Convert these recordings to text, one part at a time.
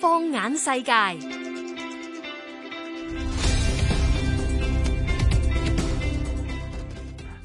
放眼世界，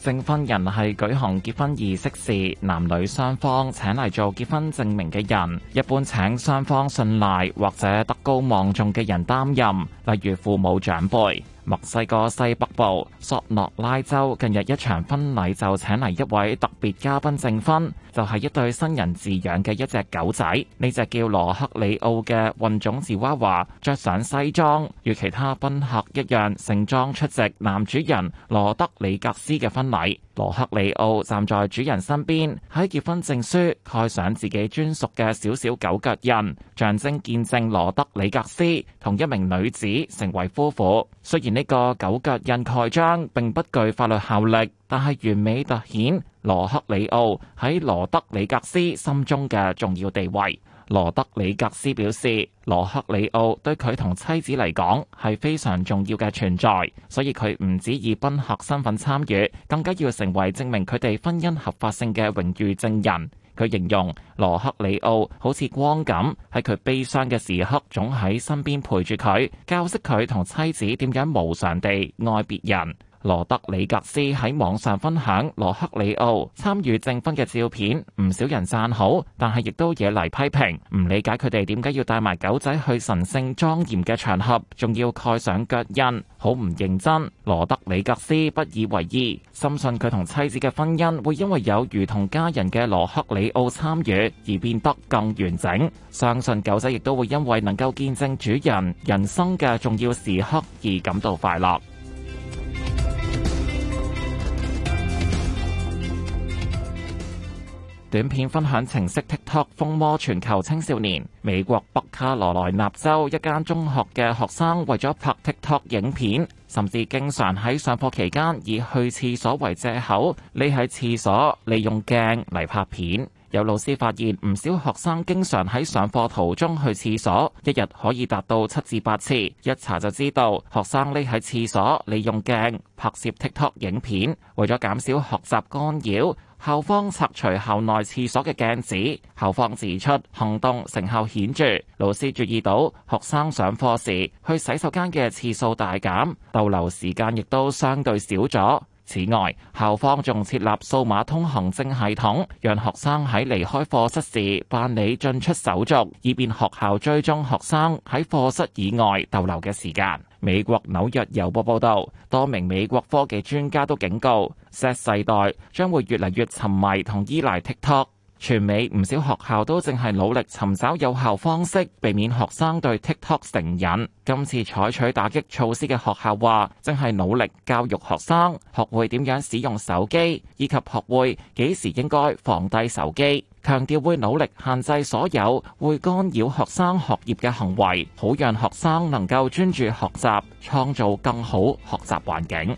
證婚人係舉行結婚儀式時，男女雙方請嚟做結婚證明嘅人，一般請雙方信賴或者德高望重嘅人擔任，例如父母長輩。墨西哥西北部索諾拉州近日一場婚禮就請嚟一位特別嘉賓證婚，就係、是、一對新人飼養嘅一隻狗仔。呢隻叫羅克里奧嘅混種芝娃娃，着上西裝，與其他賓客一樣盛裝出席男主人羅德里格斯嘅婚禮。羅克里奧站在主人身邊，喺結婚證書蓋上自己專屬嘅小小狗腳印，象徵見證羅德里格斯同一名女子成為夫婦。雖然呢個狗腳印蓋章並不具法律效力，但係完美凸顯羅克里奧喺羅德里格斯心中嘅重要地位。羅德里格斯表示，羅克里奧對佢同妻子嚟講係非常重要嘅存在，所以佢唔止以賓客身份參與，更加要成為證明佢哋婚姻合法性嘅榮譽證人。佢形容羅克里奧好似光咁，喺佢悲傷嘅時刻總喺身邊陪住佢，教識佢同妻子點樣無償地愛別人。羅德里格斯喺網上分享羅克里奧參與證婚嘅照片，唔少人讚好，但係亦都惹嚟批評。唔理解佢哋點解要帶埋狗仔去神聖莊嚴嘅場合，仲要蓋上腳印，好唔認真。羅德里格斯不以為意，深信佢同妻子嘅婚姻會因為有如同家人嘅羅克里奧參與而變得更完整。相信狗仔亦都會因為能夠見證主人人生嘅重要時刻而感到快樂。短片分享程式 TikTok 瘋魔全球青少年。美國北卡羅來納州一間中學嘅學生為咗拍 TikTok 影片，甚至經常喺上課期間以去廁所為借口，匿喺廁所利用鏡嚟拍片。有老師發現唔少學生經常喺上課途中去廁所，一日可以達到七至八次。一查就知道學生匿喺廁所，利用鏡拍攝 TikTok 影片，為咗減少學習干擾，校方拆除校內廁所嘅鏡子。校方指出行動成效顯著，老師注意到學生上課時去洗手間嘅次數大減，逗留時間亦都相對少咗。此外，校方仲設立數碼通行證系統，讓學生喺離開課室時辦理進出手續，以便學校追蹤學生喺課室以外逗留嘅時間。美國紐約郵報報道，多名美國科技專家都警告，Z 世代將會越嚟越沉迷同依賴 TikTok。全美唔少學校都正係努力尋找有效方式，避免學生對 TikTok 成癮。今次採取打擊措施嘅學校話，正係努力教育學生，學會點樣使用手機，以及學會幾時應該放低手機。強調會努力限制所有會干擾學生學業嘅行為，好讓學生能夠專注學習，創造更好學習環境。